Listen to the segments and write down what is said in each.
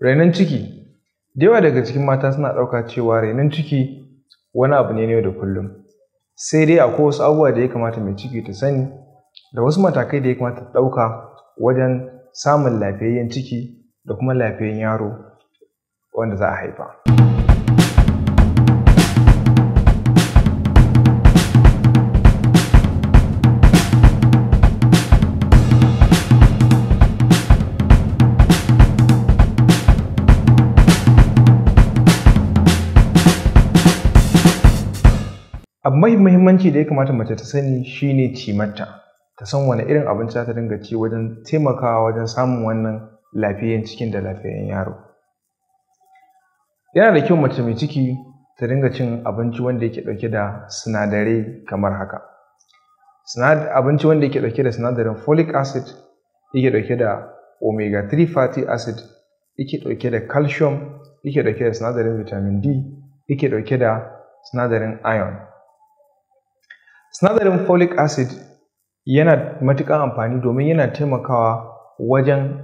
Rainon ciki. Da yawa daga cikin mata suna ɗauka cewa rainon ciki wani abu ne yau da kullum. Sai dai akwai wasu abubuwa da ya kamata mai ciki ta sani da wasu matakai da ya kamata ta ɗauka wajen samun lafiyayyen ciki da kuma lafiyayyen yaro wanda za a haifa. mai muhimmanci da ya kamata mace ta sani shine cimarta ta san wani irin abinci za ta dinga ci wajen taimakawa wajen samun wannan lafiyayyen cikin da lafiyayyen yaro yana da kyau mace mai ciki ta dinga cin abinci wanda yake dauke da sinadarai kamar haka abinci wanda yake dauke da sinadarin folic acid yake dauke da omega 3 fatty acid yake dauke da calcium yake dauke da sinadarin vitamin d yake dauke da sinadarin iron Sinadarin folic acid yana matuƙar amfani domin yana taimakawa wajen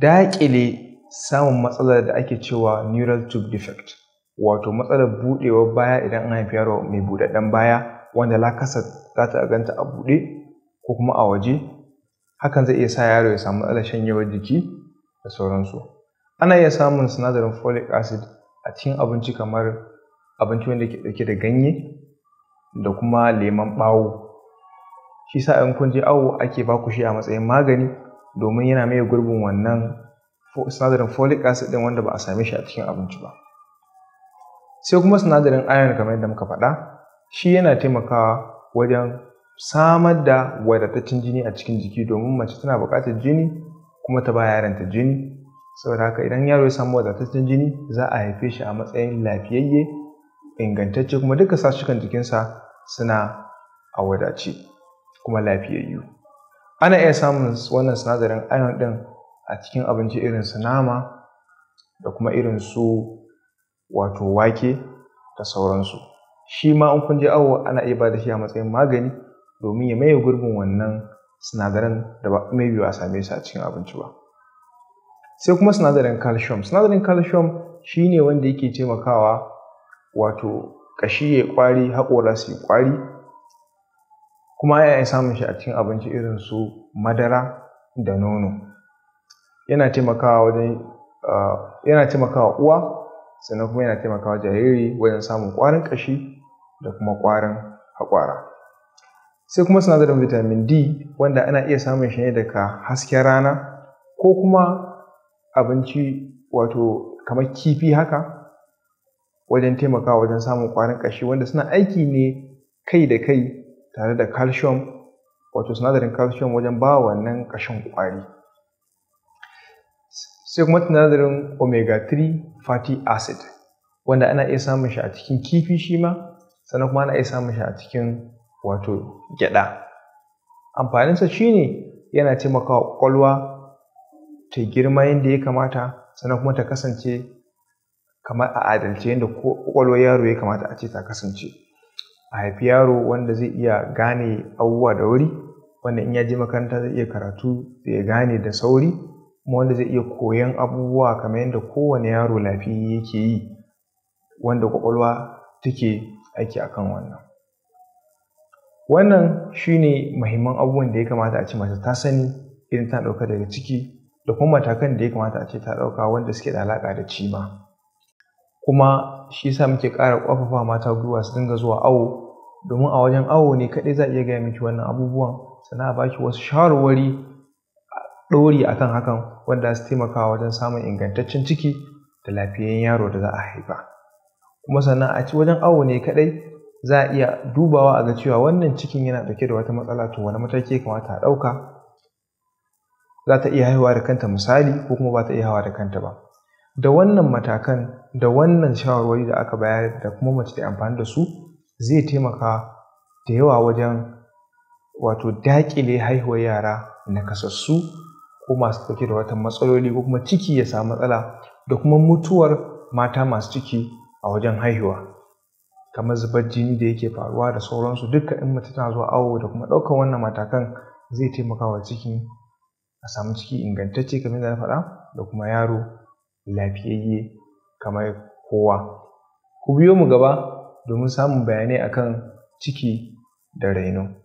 daƙile samun matsalar da ake cewa neural tube defect wato matsalar buɗewar baya idan an haifi yaro mai buɗaɗɗen baya wanda lakasa za ta ganta a buɗe ko kuma a waje hakan zai iya sa yaro ya samu matsalar shanyewar jiki da sauransu ana iya samun sinadarin folic acid a cikin abinci kamar abinci wanda ke ɗauke da ganye da kuma lemon ɓawo shi sa in kun je awo ake ba ku shi a matsayin magani domin yana mai gurbin wannan sinadarin folic acid din wanda ba a same shi a cikin abinci ba sai kuma sinadarin iron kamar yadda muka faɗa shi yana taimakawa wajen samar da wadataccen jini a cikin jiki domin mace tana buƙatar jini kuma ta ba yaranta jini saboda haka idan yaro ya samu wadataccen jini za a haife shi a matsayin lafiyayye ingantacce kuma duka sashukan jikinsa suna a wadace kuma lafiyayyu ana iya samun wannan sinadarin iron ɗin a cikin abinci irin su nama da kuma irin su wato wake da sauransu shi ma in kun je awo ana iya ba da shi a matsayin magani domin ya maye gurbin wannan sinadarin da ba mai a same su a cikin abinci ba sai kuma sinadarin calcium sinadarin calcium ne wanda yake taimakawa wato ƙashi ya ƙwari haƙora su yi ƙwari kuma ya samun shi a cikin abinci irin su madara da nono ah, yana taimakawa uwa sannan kuma yana taimakawa jariri wajen samun ƙwarin ƙashi da kuma ƙwarin haƙwara sai kuma sinadarin vitamin d wanda ana iya samun shi ne daga hasken rana ko kuma abinci wato kamar kifi haka wajen taimakawa wajen samun ƙwarin ƙashi wanda suna aiki ne kai da kai tare da calcium wato sinadarin calcium wajen ba wannan ƙashin ƙwari sai kuma sinadarin omega 3 fatty acid wanda ana iya samun shi a cikin kifi shi ma sannan kuma ana iya samun shi a cikin wato gyada amfaninsa shine yana taimakawa ƙwaƙwalwa ta girma yadda ya kamata sannan kuma ta kasance kamar a adalce yadda kwakwalwar yaro ya kamata a ce ta kasance a haifi yaro wanda zai iya gane abubuwa da wuri wanda in ya je makaranta zai iya karatu da ya gane da sauri kuma wanda zai iya koyan abubuwa kamar yadda kowane yaro lafiya yake yi wanda kwakwalwa take aiki a kan wannan wannan shine mahimman abubuwan da ya kamata a ce mace ta sani idan ta ɗauka daga ciki da kuma matakan da ya kamata a ce ta ɗauka wanda suke da alaƙa da cima. kuma shi sa muke ƙara ƙwafafa mata gwiwa su dinga zuwa awo domin a wajen awo ne kaɗai za a iya gaya miki wannan abubuwan sannan a baki wasu shawarwari ɗori kan hakan wanda su taimakawa wajen samun ingantaccen ciki da lafiyayyen yaro da za a haifa kuma sannan a wajen awo ne kaɗai za a iya dubawa a ga cewa wannan cikin yana ɗauke da wata matsala to wani mataki ya kamata a ɗauka za ta iya haihuwa da kanta misali ko kuma ba ta iya haihuwa da kanta ba da wannan matakan da wannan shawarwari da aka bayar da kuma mace ta amfani da su zai taimaka da yawa wajen wato daƙile haihuwar yara nakasassu ko masu ɗauke da wata matsaloli ko kuma ciki ya samu matsala da kuma mutuwar mata masu ciki a wajen haihuwa kamar zubar jini da yake faruwa da sauransu duka in mace tana zuwa awo da kuma ɗaukar wannan matakan zai taimaka wa ciki a samu ciki ingantacce kamar da na faɗa da kuma yaro lafiyayye kamar kowa. Ku biyo mu gaba domin samun bayanai akan ciki da raino.